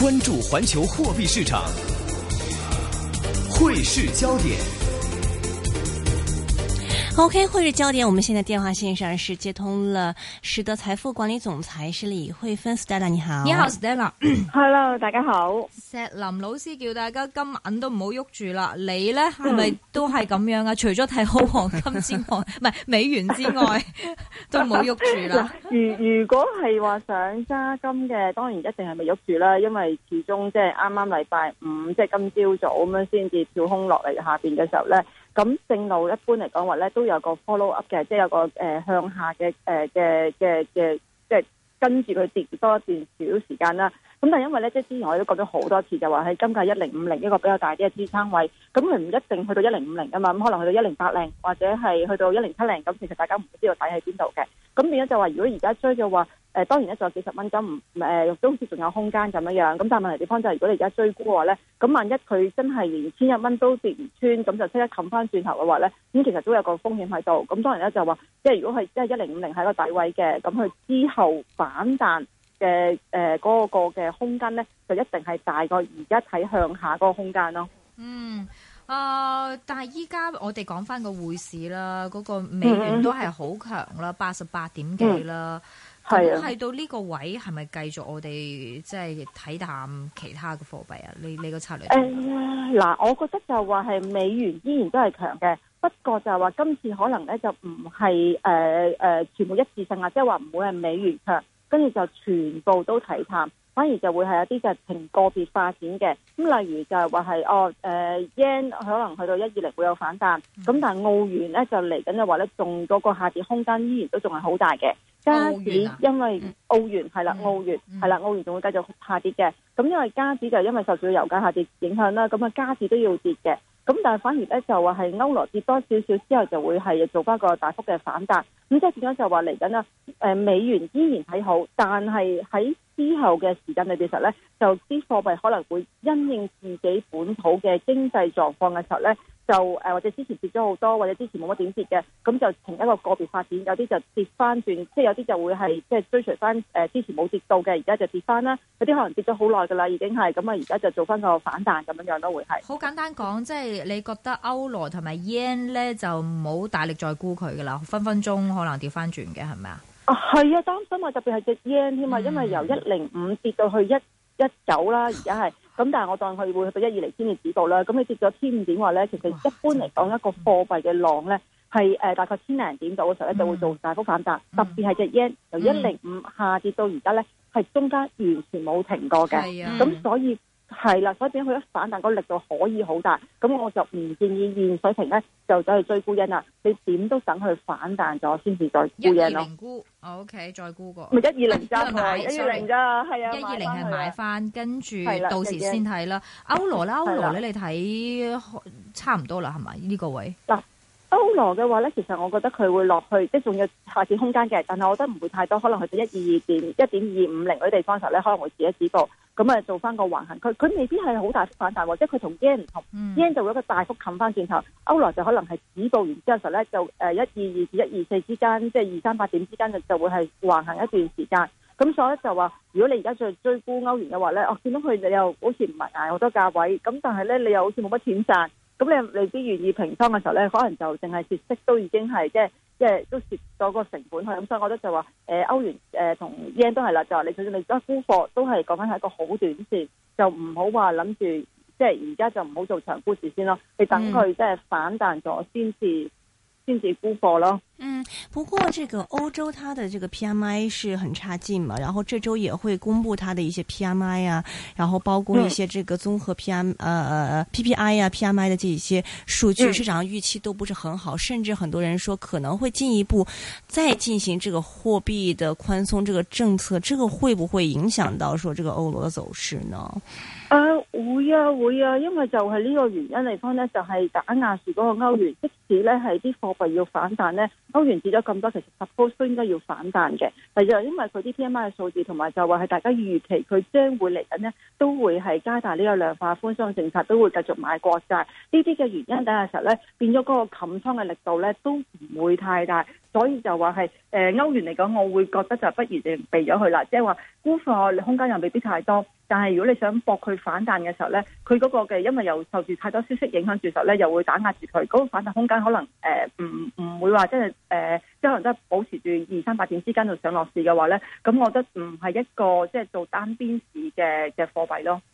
關注環球貨幣市場，匯市焦點。O K，匯市焦點，我們現在電話線上是接通了，實德財富管理總裁是李慧芬 Stella，你好，你好 Stella，Hello， 大家好。石林老師叫大家今晚都唔好喐住啦，你咧係咪都係咁樣啊？除咗睇好黃金之外，唔 係美元之外， 都唔好喐住啦。如如果係話想揸金嘅，當然一定係咪喐住啦，因為始終即係啱啱禮拜五，即係今朝早咁樣先至跳空落嚟，下邊嘅時候咧。咁正路一般嚟講話咧，都有個 follow up 嘅，即係有個誒、呃、向下嘅誒嘅嘅嘅，即係跟住佢跌多一段少時間啦。咁但係因為咧，即係之前我都講咗好多次，就話喺今屆一零五零一個比較大啲嘅支撐位，咁佢唔一定去到一零五零噶嘛，咁可能去到一零八零或者係去到一零七零，咁其實大家唔知道底喺邊度嘅。咁變咗就話，如果而家追嘅話，誒當然咧仲有幾十蚊咁，誒都好似仲有空間咁樣。咁但係問題地方就係、是，如果你而家追沽嘅話咧，咁萬一佢真係連千一蚊都跌唔穿，咁就即刻冚返轉頭嘅話咧，咁其實都有個風險喺度。咁當然咧就話，即係如果係即係一零五零係一個底位嘅，咁佢之後反彈。嘅誒，嗰、呃那個嘅、那個、空間咧，就一定係大過而家睇向下嗰個空間咯。嗯，啊、呃，但係依家我哋講翻個匯市啦，嗰、那個美元都係好強啦，八十八點幾啦。係、嗯、啊，到呢個位係咪繼續我哋即係睇淡其他嘅貨幣啊？你你個策略？誒、呃、嗱，我覺得就話係美元依然都係強嘅，不過就係話今次可能咧就唔係誒誒全部一次性啊，即係話唔會係美元強。跟住就全部都睇淡，反而就會係有啲就係停個別發展嘅。咁例如就係話係哦，誒、呃、yen 可能去到一二零會有反彈。咁、嗯、但係澳元咧就嚟緊嘅話咧，仲嗰個下跌空間依然都仲係好大嘅。加指因為澳元係啦，澳元係、啊、啦、嗯，澳元仲、嗯嗯、會繼續下跌嘅。咁、嗯、因為加指就因為受住油價下跌影響啦，咁啊加指都要跌嘅。咁但係反而咧就話係歐羅跌多少少之後就會係做翻個大幅嘅反彈。咁即係點樣，就話嚟緊啦，誒美元依然睇好，但係喺之後嘅時間裏邊，實咧就啲貨幣可能會因應自己本土嘅經濟狀況嘅時候咧。就誒或者之前跌咗好多，或者之前冇乜點跌嘅，咁就停一個個別發展。有啲就跌翻轉，即係有啲就會係即係追隨翻誒之前冇跌到嘅，而家就跌翻啦。有啲可能跌咗好耐噶啦，已經係咁啊，而家就做翻個反彈咁樣樣都會係。好簡單講，即係你覺得歐羅同埋 yen 咧，就冇大力再沽佢噶啦，分分鐘可能跌翻轉嘅，係咪啊？啊係啊，當心啊特別係隻 yen 添啊，因為由一零五跌到去一一九啦，而家係。咁但係我當佢會去到一二零千點指導咧，咁你跌咗千五點話咧，其實一般嚟講，一個貨幣嘅浪咧係誒大概千零點度嘅時候咧，就會做大幅反彈，特別係隻 yen 由一零五下跌到而家咧，係中間完全冇停過嘅，咁所以。係啦，所以變佢一反彈個力度可以好大，咁我就唔建議現水平咧就走去追沽因啦。你點都等佢反彈咗先至再一二零沽。OK，再沽過咪一二零啫，一一二零啫，係啊，一二零係買翻，跟住到時先睇啦。歐羅啦，歐羅咧，你睇差唔多啦，係咪呢個位？嗱，歐羅嘅話咧，其實我覺得佢會落去，即係仲有發展空間嘅，但係我覺得唔會太多，可能去到一二二點、一點二五零嗰啲地方時候咧，可能會止一止步。咁啊，做翻個橫行，佢佢未必係好大幅反彈，或者佢同 yen 唔同，yen 就會一個大幅冚翻轉頭，歐元就可能係止步完之後咧，就誒一二二至一二四之間，即係二三八點之間就就會係橫行一段時間。咁所以就話，如果你而家再追沽歐元嘅話咧，我、哦、見到佢又好似唔係捱好多價位，咁但係咧你又好似冇乜錢賺，咁你未必願意平倉嘅時候咧，可能就淨係蝕息都已經係即係。即係都蝕咗個成本去，咁所以我覺得就話，誒歐元誒同 yen 都係啦，就話你就算你而家沽貨都係講翻係一個好短線，就唔好話諗住，即係而家就唔好做長沽事先咯，你等佢即係反彈咗先至，先至沽貨咯。不過，這個歐洲它的這個 PMI 是很差勁嘛？然後這周也會公佈它的一些 PMI 呀、啊，然後包括一些這個綜合 PM 呃呃 PPI 呀、啊、PMI 的這一些數據，市場預期都不是很好，甚至很多人說可能會進一步再進行這個貨幣的寬鬆這個政策，這個會不會影響到說這個歐羅的走勢呢？啊，會啊，會啊，因為就係呢個原因嚟講呢，就係打壓住嗰個歐元，即使呢係啲貨幣要反彈呢。歐元。完咗咁多，其實十波都應該要反彈嘅。第二，因為佢啲 PMI 嘅數字，同埋就話係大家預期佢將會嚟緊咧，都會係加大呢個量化寬鬆政策，都會繼續買國債。呢啲嘅原因底下時候咧，變咗嗰個冚倉嘅力度咧，都唔會太大。所以就話係，誒、呃，歐元嚟講，我會覺得就不如就避咗佢啦。即係話沽貨，你空間又未必太多。但係如果你想搏佢反彈嘅時候咧，佢嗰個嘅，因為又受住太多消息影響住，實咧又會打壓住佢。嗰、那個反彈空間可能誒，唔、呃、唔會話真係誒，即係可能都保持住二三百點之間就上落市嘅話咧，咁我覺得唔係一個即係做單邊市嘅嘅貨幣咯。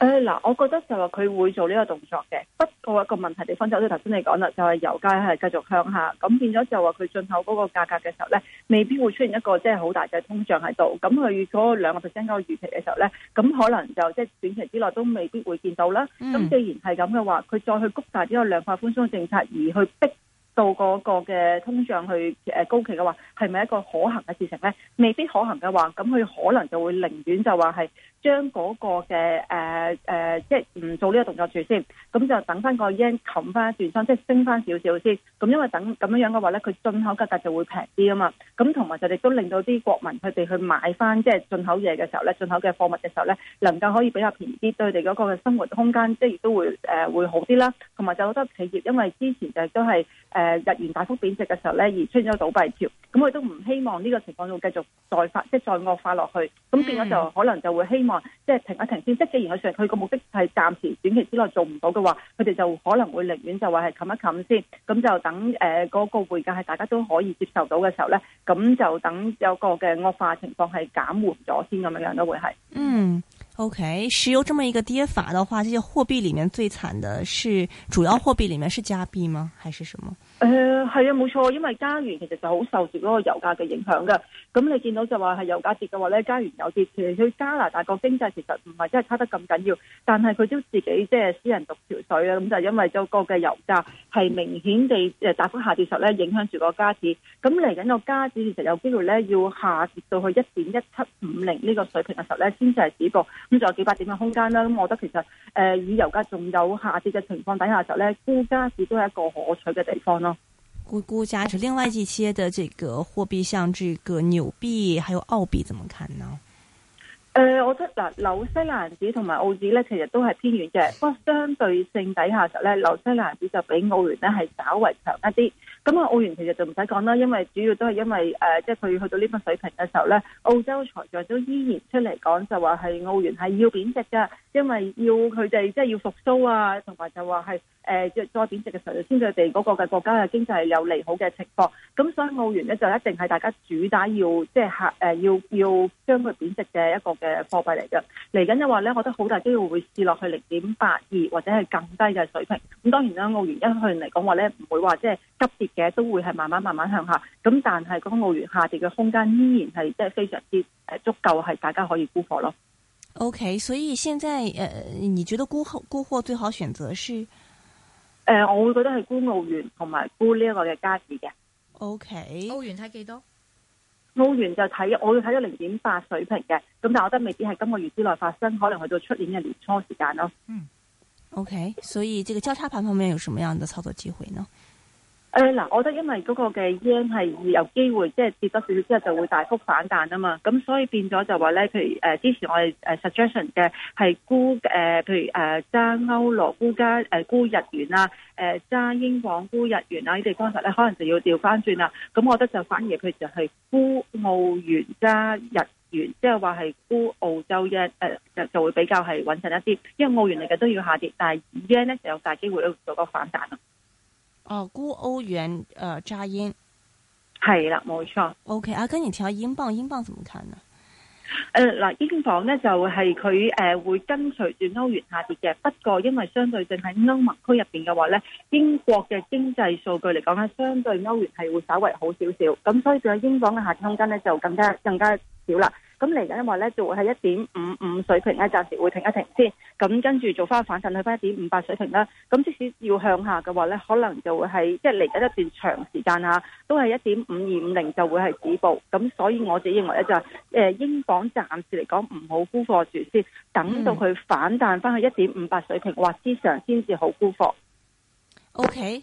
誒嗱，我覺得就話佢會做呢個動作嘅，不過一個問題地方就我頭先你講啦，就係油價係繼續向下，咁變咗就話佢進口嗰個價格嘅時候咧，未必會出現一個即係好大嘅通脹喺度，咁佢預咗兩個 percent 嗰個預期嘅時候咧，咁可能就即係短期之內都未必會見到啦。咁既然係咁嘅話，佢再去谷大呢個量化寬鬆政策而去逼到嗰個嘅通脹去高企嘅話，係咪一個可行嘅事情咧？未必可行嘅話，咁佢可能就會寧願就話係將嗰個嘅誒誒，即係唔做呢個動作住先，咁就等翻個 yen 冚翻一段先，即係升翻少少先。咁因為等咁樣樣嘅話咧，佢進口價格就會平啲啊嘛。咁同埋就亦都令到啲國民佢哋去買翻即係進口嘢嘅時候咧，進口嘅貨物嘅時候咧，能夠可以比較平啲，對佢哋嗰個生活空間即係亦都會誒、呃、會好啲啦。同埋就好多企業，因為之前就係都係。呃誒、呃、日元大幅貶值嘅時候咧，而出現咗倒閉潮，咁佢都唔希望呢個情況繼續再發，即係再惡化落去。咁變咗就可能就會希望、嗯、即係停一停先。即係既然佢説佢個目的係暫時短期之內做唔到嘅話，佢哋就可能會寧願就話係冚一冚先，咁就等誒嗰、呃那個匯價係大家都可以接受到嘅時候咧，咁就等有個嘅惡化情況係減緩咗先咁樣樣都會係。嗯，OK，石油咁樣一個跌法嘅話，呢啲貨幣裡面最慘嘅係主要貨幣裡面係加幣嗎？還是什麼誒係啊，冇錯，因為加元其實就好受住嗰個油價嘅影響嘅。咁你見到就話係油價跌嘅話咧，加元有跌。其實去加拿大個經濟其實唔係真係差得咁緊要，但係佢都自己即係私人獨條水啊。咁就因為就個嘅油價係明顯地誒大幅下跌時候咧，影響住個加市。咁嚟緊個加市其實有機會咧要下跌到去一點一七五零呢個水平嘅時候咧，先至係止步。咁仲有幾百點嘅空間啦。咁我覺得其實誒、呃、以油價仲有下跌嘅情況底下嘅時候咧，沽加市都係一個可取嘅地方咯。估估價值，另外一些的這個貨幣，像這個紐幣，還有澳幣，怎麼看呢？誒、呃，我覺得嗱，紐西蘭紙同埋澳紙咧，其實都係偏軟嘅。不過相對性底下就咧，紐西蘭紙就比澳元咧係稍為強一啲。咁啊，澳元其實就唔使講啦，因為主要都係因為誒、呃，即係佢去到呢個水平嘅時候咧，澳洲財長都依然出嚟講，就話係澳元係要貶值噶，因為要佢哋即係要復蘇啊，同埋就話係誒，即、呃、再貶值嘅時候，先佢哋嗰個嘅國家嘅經濟係有利好嘅情況。咁所以澳元咧就一定係大家主打要，即係吓誒，要要將佢貶值嘅一個。嘅貨幣嚟嘅，嚟緊嘅話咧，我覺得好大機會會跌落去零點八二或者係更低嘅水平。咁當然啦，澳元一向嚟講話咧，唔會話即係急跌嘅，都會係慢慢慢慢向下。咁但係，港澳元下跌嘅空間依然係即係非常之足夠，係大家可以沽貨咯。OK，所以現在誒、呃，你覺得沽貨沽貨最好選擇是誒、呃，我會覺得係沽澳元同埋沽呢一個嘅加紙嘅。OK，澳元睇幾多？澳元就睇，我要睇到零點八水平嘅，咁但係我覺得未必係今個月之內發生，可能去到出年嘅年初時間咯。嗯，OK，所以這個交叉盤方面有什麼樣的操作機會呢？誒，嗱，我覺得因為嗰個嘅 yen 係有機會，即係跌多少少之後就會大幅反彈啊嘛，咁所以變咗就話咧，譬如誒之前我哋誒 suggestion 嘅係沽誒譬如誒揸歐羅沽加誒沽日元啦，誒揸英鎊沽日元啦呢啲方法咧，可能就要調翻轉啦。咁我覺得就反而佢就係沽澳元加日元，即係話係沽澳洲一誒、呃、就，就會比較係穩陣一啲，因為澳元嚟嘅都要下跌，但係 yen 咧就有大機會咧做一個反彈啊。哦，沽歐元，誒、呃，揸因，係啦，冇錯。OK，阿、啊、哥，跟你調英鎊，英鎊怎麼睇呢？誒，嗱，英鎊咧就係佢誒會跟隨住歐元下跌嘅，不過因為相對正喺歐盟區入邊嘅話咧，英國嘅經濟數據嚟講咧，相對歐元係會稍為好少少，咁所以仲有英鎊嘅下跌空間咧就更加更加少啦。咁嚟緊，因為咧就會喺一點五五水平咧，暫時會停一停先。咁跟住做翻反彈去翻一點五八水平啦。咁即使要向下嘅話咧，可能就會係即係嚟緊一段長時間嚇，都係一點五二五零就會係止步。咁所以我自己認為咧就係、是，誒英鎊暫時嚟講唔好沽貨住先，等到佢反彈翻去一點五八水平或之上先至好沽貨。OK。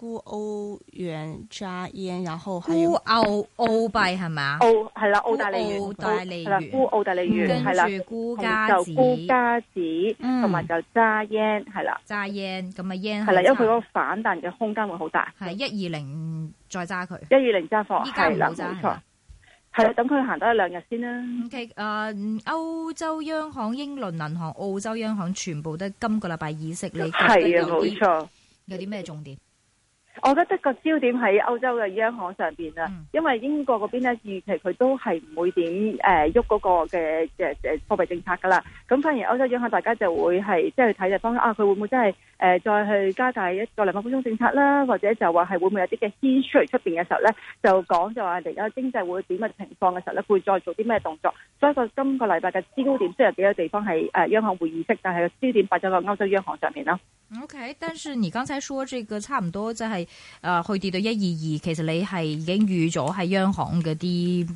沽歐元揸 yen，然後沽澳澳幣係咪？澳係啦，澳大利大利元，沽澳，澳，澳大利元，跟住同埋就沽加子，同埋就揸 yen 係啦，揸 yen 咁啊 yen 係啦，因為佢嗰個反彈嘅空間會好大，係一二零再揸佢，一二零揸貨係啦，冇錯係啦，等佢行多一兩日先啦。OK，誒、呃，歐洲央行、英倫銀行、澳洲央行全部都今個禮拜議息，你覺得有啲咩重點？我覺得個焦點喺歐洲嘅央行上面，啦，因為英國嗰邊咧預期佢都係唔會點誒喐嗰個嘅嘅嘅貨幣政策㗎啦。咁反而歐洲央行大家就會係即係睇就是、去方啊，佢會唔會真係誒再去加大一個量化寬鬆政策啦？或者就話係會唔會有啲嘅堅出嚟出面嘅時候咧，就講就話而家經濟會點嘅情況嘅時候咧，會再做啲咩動作？所以今個禮拜嘅焦點雖然幾個地方係誒央行會議式，但係焦點擺咗喺歐洲央行上面咯。OK，但係你剛才說這個差唔多即係誒去跌到一二二，其實你係已經預咗喺央行嗰啲。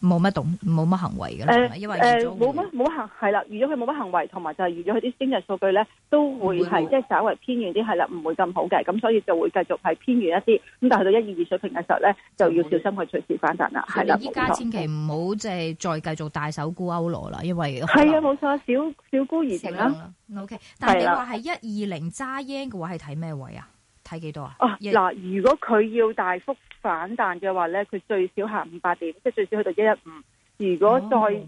冇乜動，冇乜行為噶啦、呃。因為誒，冇乜冇行，係啦。如果佢冇乜行為，同埋就係如果佢啲經濟數據咧，都會係即係稍微偏軟啲係啦，唔會咁好嘅。咁所以就會繼續係偏軟一啲。咁但係到一二二水平嘅時候咧，就要小心去隨時反彈啦。係啦，冇錯。依家千祈唔好即係再繼續大手沽歐羅啦，因為係啊，冇錯，小小沽而停啦。O K，但係你話喺一二零揸英嘅話，係睇咩位啊？睇幾多啊？哦，嗱，如果佢要大幅反彈嘅話咧，佢最少下五百點，即係最少去到一一五。如果再、哦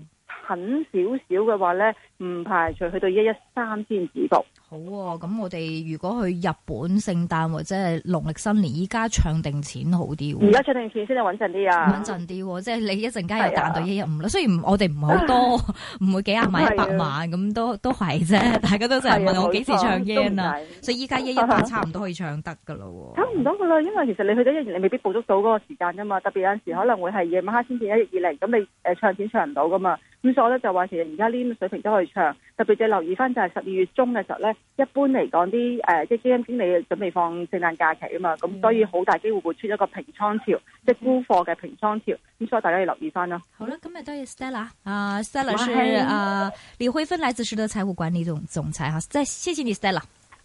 狠少少嘅話咧，唔排除去到一一三先止幅。好喎、啊，咁我哋如果去日本聖誕或者係農曆新年，依家唱定錢好啲。而家唱定錢先至穩陣啲啊！穩陣啲，即係你一陣間又彈到一一五啦。雖然我哋唔係好多，唔 會幾廿萬、一 百萬咁，都都係啫。大家都成日問我幾時唱 yen 啊，啊，所以依家一一五差唔多可以唱得噶啦。 差唔多噶啦，因為其實你去到一一五，你未必捕捉到嗰個時間噶嘛。特別有陣時候可能會係夜晚黑先至一一二零，咁你誒、呃、唱錢唱唔到噶嘛。咁所以咧就話，其實而家呢個水平都係長，特別你留意翻，就係十二月中嘅時候咧，一般嚟講啲誒即係基金經理準備放聖誕假期啊嘛，咁所以好大機會會出一個平倉潮，mm -hmm. 即係沽貨嘅平倉潮，咁所以大家要留意翻啦。好啦，今日多謝 Stella，啊、uh, Stella 係、uh，李慧芬，來自時德財務管理總總裁哈，再謝謝你 Stella。